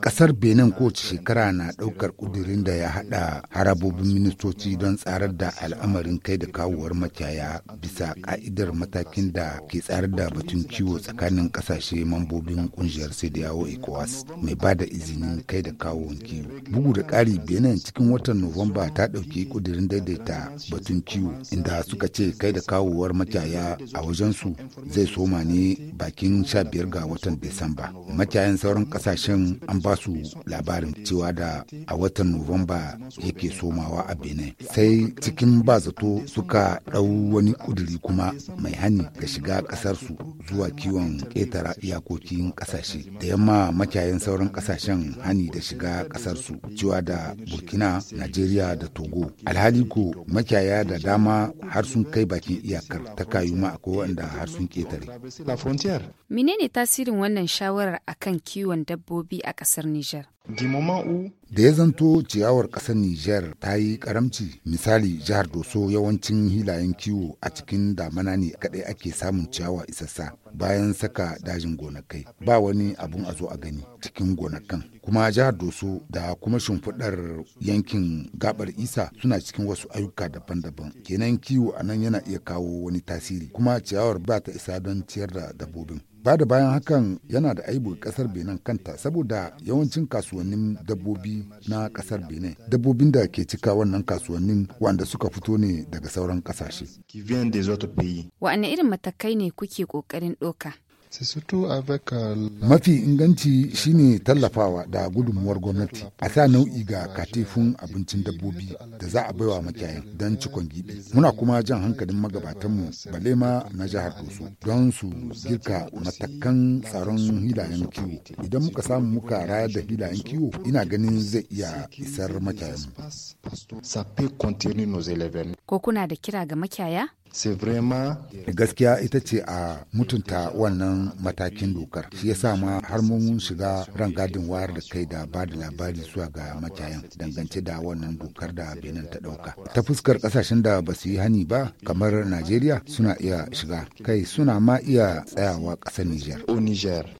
Kasar Benin kowace shekara na ɗaukar ƙudurin da ya haɗa harabobin ministoci don tsarar da al'amarin kai da kawowar makiyaya bisa ƙa'idar matakin da ke tsarar da batun kiwo tsakanin ƙasashe mambobin ƙungiyar CDAO ECOWAS mai ba da izinin kai da kawowar kiwo. Bugu da ƙari Benin cikin watan Nuwamba ta ɗauki ƙudurin daidaita batun kiwo inda suka ce kai da kawowar makiyaya a wajensu zai soma ne bakin biyar ga watan Disamba. Makiyayan bayan sauran kasashen an ba su labarin cewa da a watan nuwamba yake somawa a benin sai cikin ba zato suka ɗau wani ƙuduri kuma mai hani ga shiga ƙasarsu zuwa kiwon ƙetara iyakokin ƙasashe da yamma makiyayin sauran ƙasashen hani da shiga ƙasarsu cewa da burkina najeriya da togo alhali ko makiyaya da dama har sun kai bakin iyakar ta kayu ma akwai wanda har sun ƙetare menene tasirin wannan shawarar akan kiwon dabbobi a ƙasar Nijar. Da ya zanto ciyawar ƙasar Nijar ta yi karamci misali jihar Doso yawancin hilayen kiwo a cikin damana ne kaɗai ake samun ciyawa isassa bayan saka dajin gonakai ba wani abun a zo a gani cikin gonakan kuma jihar Doso da kuma shimfiɗar yankin gabar isa suna cikin wasu ayyuka daban-daban kenan kiwo a nan yana iya kawo wani tasiri kuma ciyawar ba ta isa don ciyar da dabbobin ba da bayan hakan yana da aibu kasar benin kanta saboda yawancin kasuwannin dabbobi na kasar benin dabbobin da ke cika wannan kasuwannin wanda suka fito ne daga sauran kasashe wa'anne irin matakai ne kuke kokarin doka Euh, Mafi inganci shine tallafawa da gudunmuwar gwamnati a sa nau'i ga katifun abincin dabbobi da za a baiwa makiyayan don cikon gibi. Muna kuma jan hankalin magabatanmu bale ma na jihar Doso don su girka matakan tsaron hilayen kiwo. Idan muka samu muka raya da hilayen kiwo ina ganin zai iya isar makiyayan. Ko kuna da kira ga makiyaya? Gaskiya ita ce a mutunta wannan matakin dokar. Shi yasa ma har mun shiga rangadin wayar da kai da ba da labari zuwa ga makiyayan dangance da wannan dokar da Benin ta dauka. Ta fuskar kasashen da ba su yi hani ba kamar Najeriya suna iya shiga kai suna ma iya tsayawa ƙasar Nijar.